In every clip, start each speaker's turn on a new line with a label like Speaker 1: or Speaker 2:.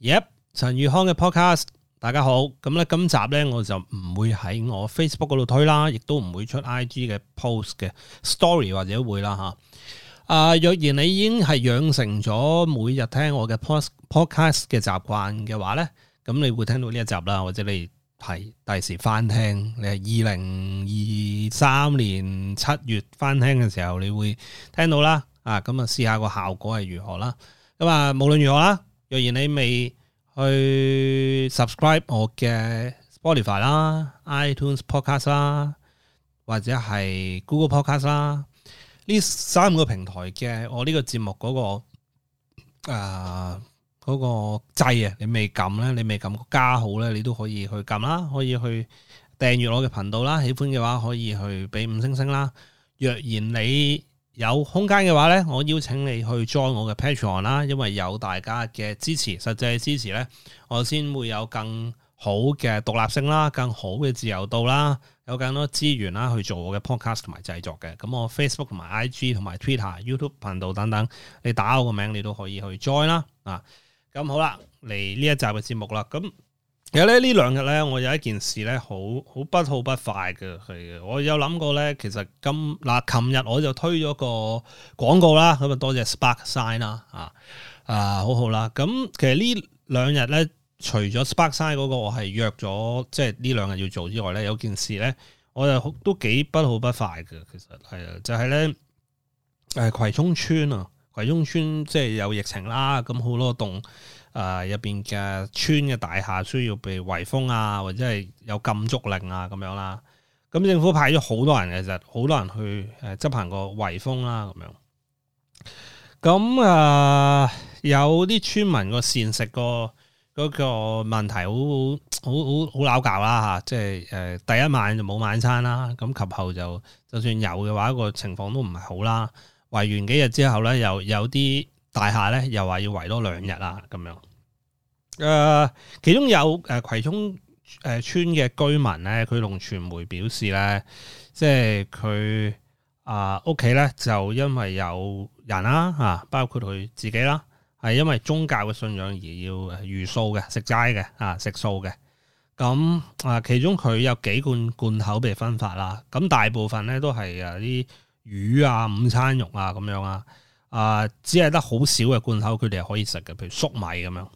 Speaker 1: Yep，陳宇康嘅 podcast，大家好。咁咧，今集咧我就唔會喺我 Facebook 嗰度推啦，亦都唔會出 IG 嘅 post 嘅 story 或者會啦吓。啊，若然你已經係養成咗每日聽我嘅 podcast 嘅習慣嘅話咧，咁你會聽到呢一集啦，或者你係第時翻聽，你係二零二三年七月翻聽嘅時候，你會聽到啦。啊，咁啊試下個效果係如何啦？咁啊無論如何啦。若然你未去 subscribe 我嘅 Spotify 啦、iTunes Podcast 啦，或者係 Google Podcast 啦，呢三個平台嘅我呢個節目嗰個啊嗰個掣，你未撳咧，你未撳加號咧，你都可以去撳啦，可以去訂閱我嘅頻道啦。喜歡嘅話，可以去俾五星星啦。若然你，有空間嘅話呢，我邀請你去 join 我嘅 Patreon 啦，因為有大家嘅支持，實際支持呢，我先會有更好嘅獨立性啦，更好嘅自由度啦，有更多資源啦去做我嘅 podcast 同埋製作嘅。咁我 Facebook 同埋 IG 同埋 Twitter、YouTube 頻道等等，你打我個名，你都可以去 join 啦。啊，咁好啦，嚟呢一集嘅節目啦，咁。其實咧呢兩日咧，我有一件事咧，好好不好不快嘅係，我有諗過咧。其實今嗱，琴、呃、日我就推咗個廣告啦，咁、嗯、啊多謝 Spark Sign 啦、啊，啊啊好好啦。咁、嗯、其實兩呢兩日咧，除咗 Spark Sign 嗰個我係約咗，即係呢兩日要做之外咧，有件事咧，我又都幾不好不快嘅。其實係啊，就係、是、咧，誒、呃、葵涌村啊，葵涌村即係有疫情啦，咁好多棟。誒入邊嘅村嘅大廈需要被圍封啊，或者係有禁足令啊咁樣啦。咁、嗯、政府派咗好多人，其實好多人去誒、呃、執行個圍封啦、啊、咁樣。咁、嗯、誒、呃、有啲村民、個膳食個嗰個問題好好好好好鬧交啦吓，即係誒、呃、第一晚就冇晚餐啦。咁、嗯、及後就就算有嘅話，個情況都唔係好啦。圍完幾日之後咧，又有啲。有有大廈咧又話要圍多兩日啦，咁樣。誒、呃，其中有誒、呃、葵涌誒村嘅居民咧，佢同傳媒表示咧，即係佢啊屋企咧就因為有人啦啊、啊，包括佢自己啦、啊，係因為宗教嘅信仰而要茹素嘅，食齋嘅啊，食素嘅。咁、嗯、啊、呃，其中佢有幾罐罐口被分發啦、啊。咁、嗯、大部分咧都係啊啲魚啊、午餐肉啊咁樣啊。啊、呃，只係得好少嘅罐頭，佢哋係可以食嘅，譬如粟米咁樣。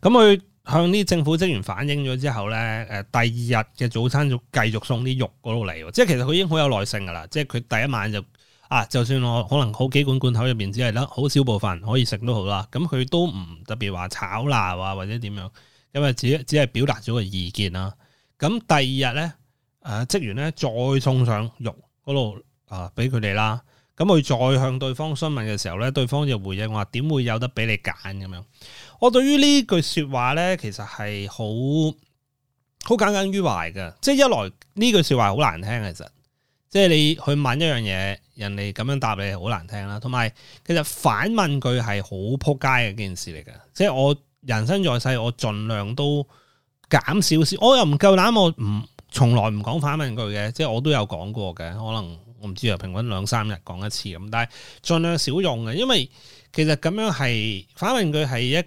Speaker 1: 咁佢向啲政府職員反映咗之後咧，誒、呃，第二日嘅早餐就繼續送啲肉嗰度嚟，即係其實佢已經好有耐性噶啦。即係佢第一晚就啊，就算我可能好幾罐罐頭入邊，只係得好少部分可以食都好啦。咁佢都唔特別話炒鬧啊，或者點樣，因為只只係表達咗個意見啦。咁第二日咧，誒、呃，職員咧再送上肉嗰度啊，俾佢哋啦。咁佢再向對方詢問嘅時候咧，對方就回應我話：點會有得俾你揀咁樣？我對於呢句説話咧，其實係好好耿耿於懷嘅。即係一來呢句説話好難聽，其實即係你去問一樣嘢，人哋咁樣答你好難聽啦。同埋其實反問句係好撲街嘅件事嚟嘅。即係我人生在世，我盡量都減少少，我又唔夠膽，我唔從來唔講反問句嘅。即係我都有講過嘅，可能，我唔知啊，平均兩三日講一次咁，但係儘量少用嘅，因為其實咁樣係反問句係一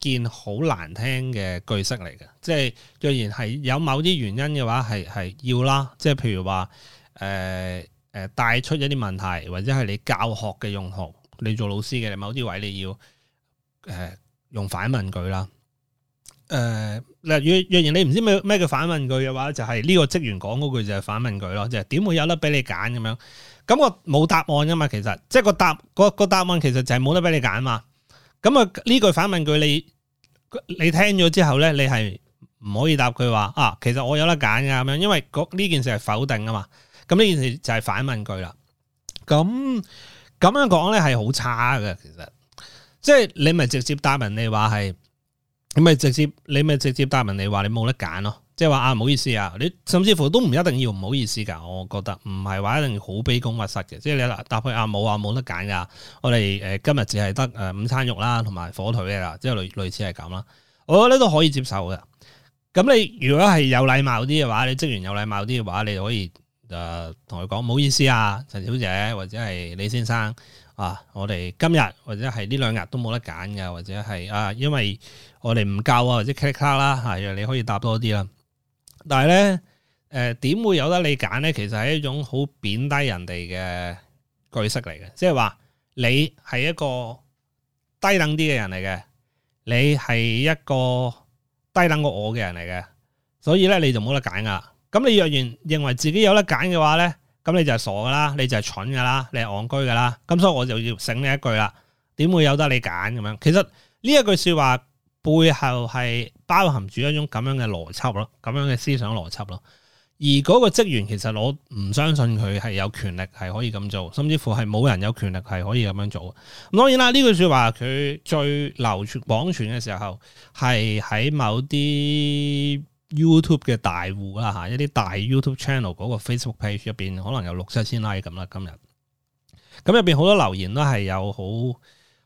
Speaker 1: 件好難聽嘅句式嚟嘅。即係若然係有某啲原因嘅話，係係要啦。即係譬如話誒誒帶出一啲問題，或者係你教學嘅用途，你做老師嘅某啲位你要誒、呃、用反問句啦。誒，嗱、呃，若若然你唔知咩咩叫反問句嘅話，就係、是、呢個職員講嗰句就係反問句咯，即係點會有得俾你揀咁樣？咁我冇答案噶嘛，其實即係個答、個答案其實就係冇得俾你揀啊嘛。咁啊呢句反問句你你聽咗之後咧，你係唔可以答佢話啊，其實我有得揀噶咁樣，因為呢件事係否定噶嘛。咁呢件事就係反問句啦。咁咁樣講咧係好差嘅，其實即係你咪直接答人哋話係。咁咪直接，你咪直接答問你話你冇得揀咯，即係話啊，唔好意思啊，你甚至乎都唔一定要唔好意思噶我覺得唔係話一定要好卑躬屈膝嘅，即係你答佢啊冇，啊冇得揀噶，我哋誒今日只係得誒午餐肉啦，同埋火腿嘅啦，即係類類似係咁啦，我覺得都可以接受嘅。咁你如果係有禮貌啲嘅話，你職員有禮貌啲嘅話，你就可以誒同佢講唔好意思啊，陳小姐或者係李先生。啊！我哋今日或者係呢兩日都冇得揀嘅，或者係啊，因為我哋唔夠啊，或者卡拉卡啦嚇、啊，你可以搭多啲啦。但係咧，誒、呃、點會有得你揀咧？其實係一種好貶低人哋嘅句式嚟嘅，即係話你係一個低等啲嘅人嚟嘅，你係一個低等過我嘅人嚟嘅，所以咧你就冇得揀噶。咁你若然認為自己有得揀嘅話咧？咁你就係傻噶啦，你就係蠢噶啦，你係戇居噶啦，咁所以我就要醒你一句啦，點會有得你揀咁樣？其實呢一句說話背後係包含住一種咁樣嘅邏輯咯，咁樣嘅思想邏輯咯。而嗰個職員其實我唔相信佢係有權力係可以咁做，甚至乎係冇人有權力係可以咁樣做。咁當然啦，呢句說話佢最流傳廣傳嘅時候係喺某啲。YouTube 嘅大戶啦，吓一啲大 YouTube channel 嗰個 Facebook page 入邊，可能有六七千 like 咁啦。今日咁入邊好多留言都係有好，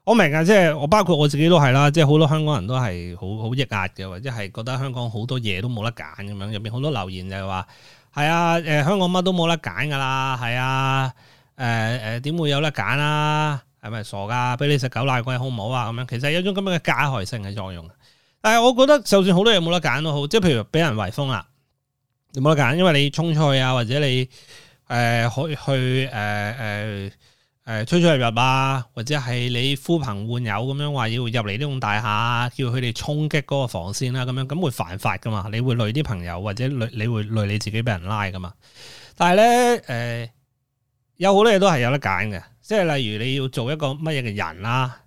Speaker 1: 我明啊，即係我包括我自己都係啦，即係好多香港人都係好好抑壓嘅，或者係覺得香港好多嘢都冇得揀咁樣。入邊好多留言就係話係啊，誒香港乜都冇得揀噶啦，係啊，誒誒點會有得揀啊？係咪傻噶？俾你食狗奶龜好唔好啊？咁樣其實有種咁樣嘅加害性嘅作用。誒，我覺得就算好多嘢冇得揀都好，即係譬如俾人圍封啦，冇得揀，因為你衝出去啊，或者你誒、呃，去去誒誒誒，吹吹入入啊，或者係你呼朋喚友咁樣話要入嚟呢種大廈，叫佢哋衝擊嗰個防線啦，咁樣咁會犯法噶嘛，你會累啲朋友，或者累你會累你自己俾人拉噶嘛，但係咧誒，有好多嘢都係有得揀嘅，即係例如你要做一個乜嘢嘅人啦，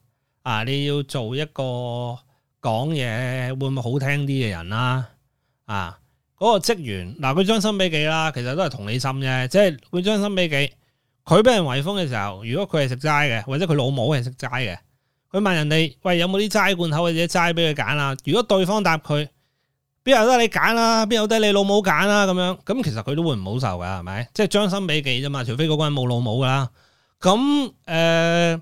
Speaker 1: 啊，你要做一個。講嘢會唔會好聽啲嘅人啦、啊？啊，嗰、嗰個職員，嗱，佢將心比己啦，其實都係同理心啫，即係佢將心比己，佢俾人圍封嘅時候，如果佢係食齋嘅，或者佢老母係食齋嘅，佢問人哋喂，有冇啲齋罐頭或者齋俾佢揀啦？如果對方答佢，邊有得你揀啦、啊？邊有得你老母揀啦、啊？咁樣咁其實佢都會唔好受噶，係咪？即係將心比己啫嘛，除非嗰個人冇老母噶啦，咁誒。呃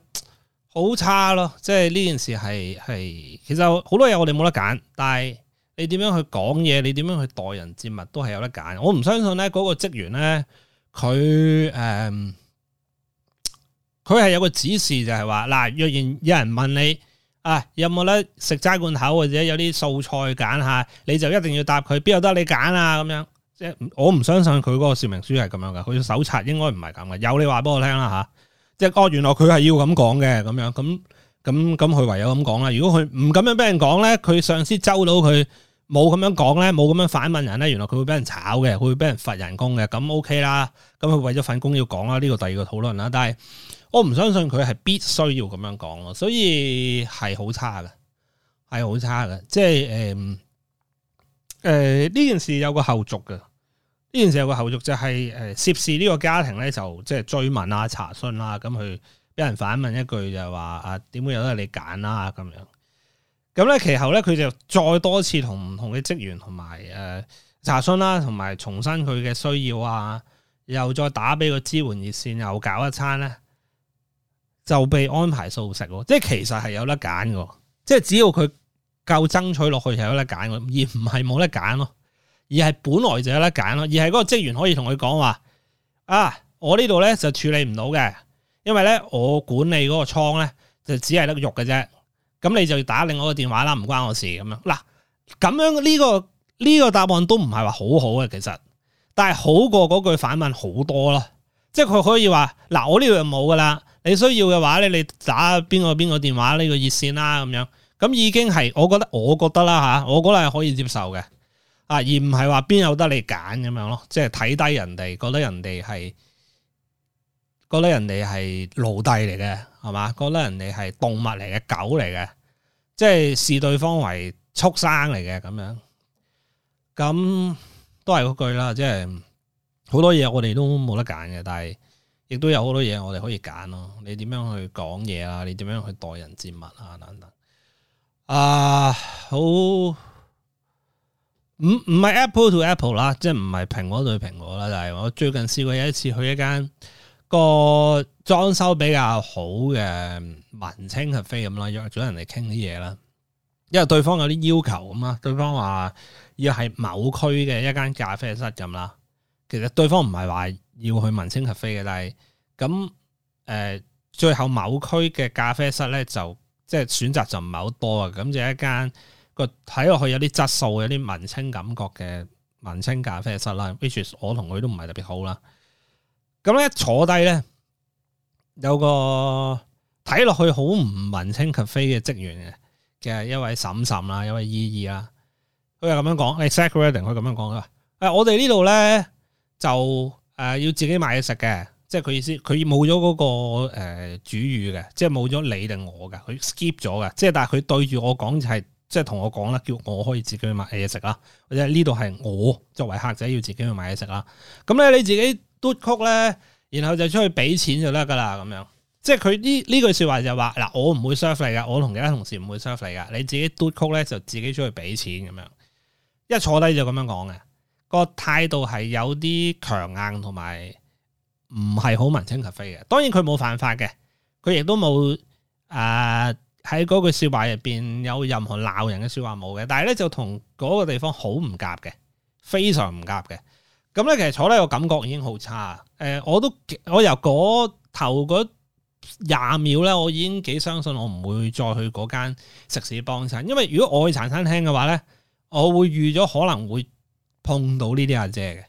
Speaker 1: 好差咯，即係呢件事係係，其實好多嘢我哋冇得揀，但係你點樣去講嘢，你點樣去待人接物都係有得揀。我唔相信咧嗰個職員咧，佢誒佢係有個指示就係話，嗱，若然有人問你啊，有冇得食齋罐頭或者有啲素菜揀下，你就一定要答佢，邊有得你揀啊咁樣？即係我唔相信佢嗰個說明書係咁樣嘅，佢手冊應該唔係咁嘅，有你話俾我聽啦吓。即係，哦，原來佢係要咁講嘅，咁樣，咁，咁，咁佢唯有咁講啦。如果佢唔咁樣俾人講咧，佢上司捉到佢冇咁樣講咧，冇咁樣反問人咧，原來佢會俾人炒嘅，佢會俾人罰人工嘅，咁 OK 啦。咁佢為咗份工要講啦，呢個第二個討論啦。但係我唔相信佢係必須要咁樣講咯，所以係好差嘅，係好差嘅。即係，誒、呃，誒、呃，呢件事有個後續嘅。呢件事有個後續就係，誒，涉事呢個家庭咧，就即係追問啊查詢啦，咁佢俾人反問一句，就係話啊點會有得你揀啦、啊？咁樣，咁咧其後咧，佢就再多次同唔同嘅職員同埋誒查詢啦，同埋重申佢嘅需要啊，又再打俾個支援熱線，又搞一餐咧，就被安排素食咯。即係其實係有得揀嘅，即係只要佢夠爭取落去就有得揀嘅，而唔係冇得揀咯。而係本來就有得揀咯，而係嗰個職員可以同佢講話：啊，我呢度咧就處理唔到嘅，因為咧我管理嗰個倉咧就只係得肉嘅啫。咁你就要打另外一個電話啦，唔關我事咁樣。嗱、這個，咁樣呢個呢個答案都唔係話好好嘅。其實，但係好過嗰句反問好多咯。即係佢可以話：嗱、啊，我呢度又冇噶啦，你需要嘅話咧，你打邊個邊個電話呢、這個熱線啦、啊，咁樣咁已經係我覺得我覺得啦吓，我覺得係可以接受嘅。啊！而唔係話邊有得你揀咁樣咯，即係睇低人哋，覺得人哋係，覺得人哋係奴隸嚟嘅，係嘛？覺得人哋係動物嚟嘅，狗嚟嘅，即係視對方為畜生嚟嘅咁樣。咁都係嗰句啦，即係好多嘢我哋都冇得揀嘅，但係亦都有好多嘢我哋可以揀咯。你點樣去講嘢啦？你點樣去待人接物啊？等等。啊，好。唔唔係、嗯、Apple to Apple 啦，即係唔係蘋果對蘋果啦，就係我最近試過有一次去一間一個裝修比較好嘅文青咖啡咁啦，約咗人嚟傾啲嘢啦。因為對方有啲要求咁啦，對方話要係某區嘅一間咖啡室咁啦。其實對方唔係話要去文青咖啡嘅，但係咁誒，最後某區嘅咖啡室咧就即係、就是、選擇就唔係好多啊。咁就一間。個睇落去有啲質素、有啲文青感覺嘅文青咖啡室啦，which is, 我同佢都唔係特別好啦。咁咧坐低咧，有個睇落去好唔文青 cafe 嘅職員嘅，嘅一位嬸嬸啦，一位姨姨啦，佢又咁樣講，你、哎、sacreding 佢咁樣講佢話：，我哋呢度咧就誒、呃、要自己買嘢食嘅，即係佢意思，佢冇咗嗰個、呃、主語嘅，即係冇咗你定我噶，佢 skip 咗嘅，即係但係佢對住我講就係。即係同我講啦，叫我可以自己去買嘢食啦，或者呢度係我作為客仔要自己去買嘢食啦。咁、嗯、咧你自己嘟曲咧，然後就出去俾錢就得噶啦。咁樣，即係佢呢呢句說話就話嗱，我唔會 serve 你噶，我同其他同事唔會 serve 你噶。你自己嘟曲咧就自己出去俾錢，咁樣，一坐低就咁樣講嘅，個態度係有啲強硬同埋唔係好文明及非嘅。當然佢冇犯法嘅，佢亦都冇誒。呃喺嗰句笑話入邊有任何鬧人嘅説話冇嘅，但係咧就同嗰個地方好唔夾嘅，非常唔夾嘅。咁咧其實坐咧個感覺已經好差。誒、呃，我都我由嗰頭嗰廿秒咧，我已經幾相信我唔會再去嗰間食肆幫襯，因為如果我去茶餐廳嘅話咧，我會預咗可能會碰到呢啲阿姐嘅。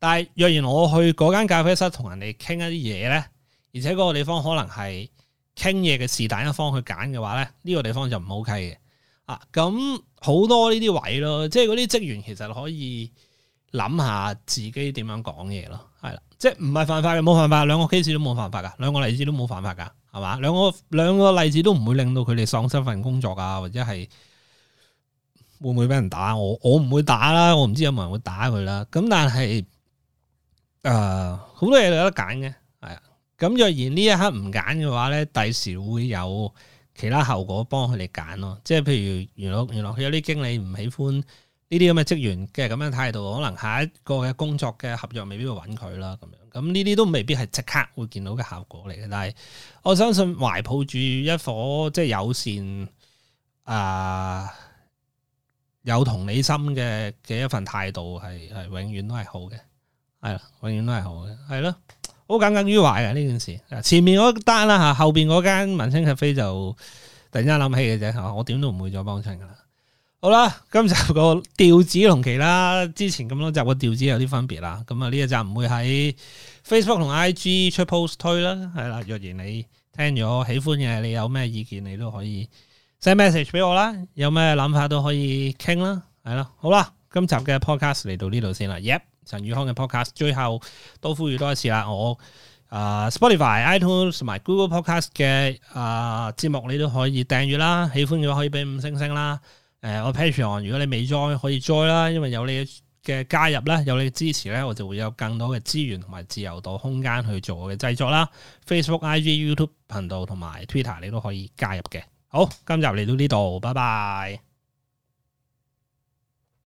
Speaker 1: 但係若然我去嗰間咖啡室同人哋傾一啲嘢咧，而且嗰個地方可能係傾嘢嘅是但一方去揀嘅話咧，呢個地方就唔 OK 嘅啊！咁、嗯、好多呢啲位咯，即係嗰啲職員其實可以諗下自己點樣講嘢咯，係啦，即係唔係犯法嘅，冇犯法，兩個 case 都冇犯法噶，兩個例子都冇犯法噶，係嘛？兩個兩個例子都唔會令到佢哋喪失份工作啊，或者係會唔會俾人打我？我唔會打啦，我唔知有冇人會打佢啦。咁但係，誒、呃，好多嘢都有得揀嘅。咁若然呢一刻唔揀嘅話咧，第時會有其他後果幫佢哋揀咯。即係譬如，原來原來佢有啲經理唔喜歡呢啲咁嘅職員嘅咁樣態度，可能下一個嘅工作嘅合約未必會揾佢啦。咁樣咁呢啲都未必係即刻會見到嘅效果嚟嘅。但係我相信懷抱住一顆即係友善啊、呃、有同理心嘅嘅一份態度係係永遠都係好嘅，係啦，永遠都係好嘅，係咯。好耿耿於懷嘅呢件事，前面嗰單啦吓、啊，後邊嗰間文青咖啡就突然間諗起嘅啫吓，我點都唔會再幫襯噶啦，啦，嗯、啦，啦，啦，啦，啦。好啦，今集個調子同其他之前咁多集個調子有啲分別啦，咁啊呢一集唔會喺 Facebook 同 IG 出 post 推啦，係啦。若然你聽咗我喜歡嘅，你有咩意見你都可以 send message 俾我啦，有咩諗法都可以傾啦，係啦。好啦，今集嘅 podcast 嚟到呢度先啦。陳宇康嘅 podcast，最後都呼籲多一次啦。我啊、呃、Spotify、iTunes 同埋 Google Podcast 嘅啊、呃、節目，你都可以訂閱啦。喜歡嘅話可以俾五星星啦。誒、呃，我 Patreon 如果你未 join 可以 join 啦，因為有你嘅加入咧，有你嘅支持咧，我就會有更多嘅資源同埋自由度空間去做我嘅製作啦。Facebook、IG、YouTube 頻道同埋 Twitter，你都可以加入嘅。好，今集嚟到呢度，拜拜。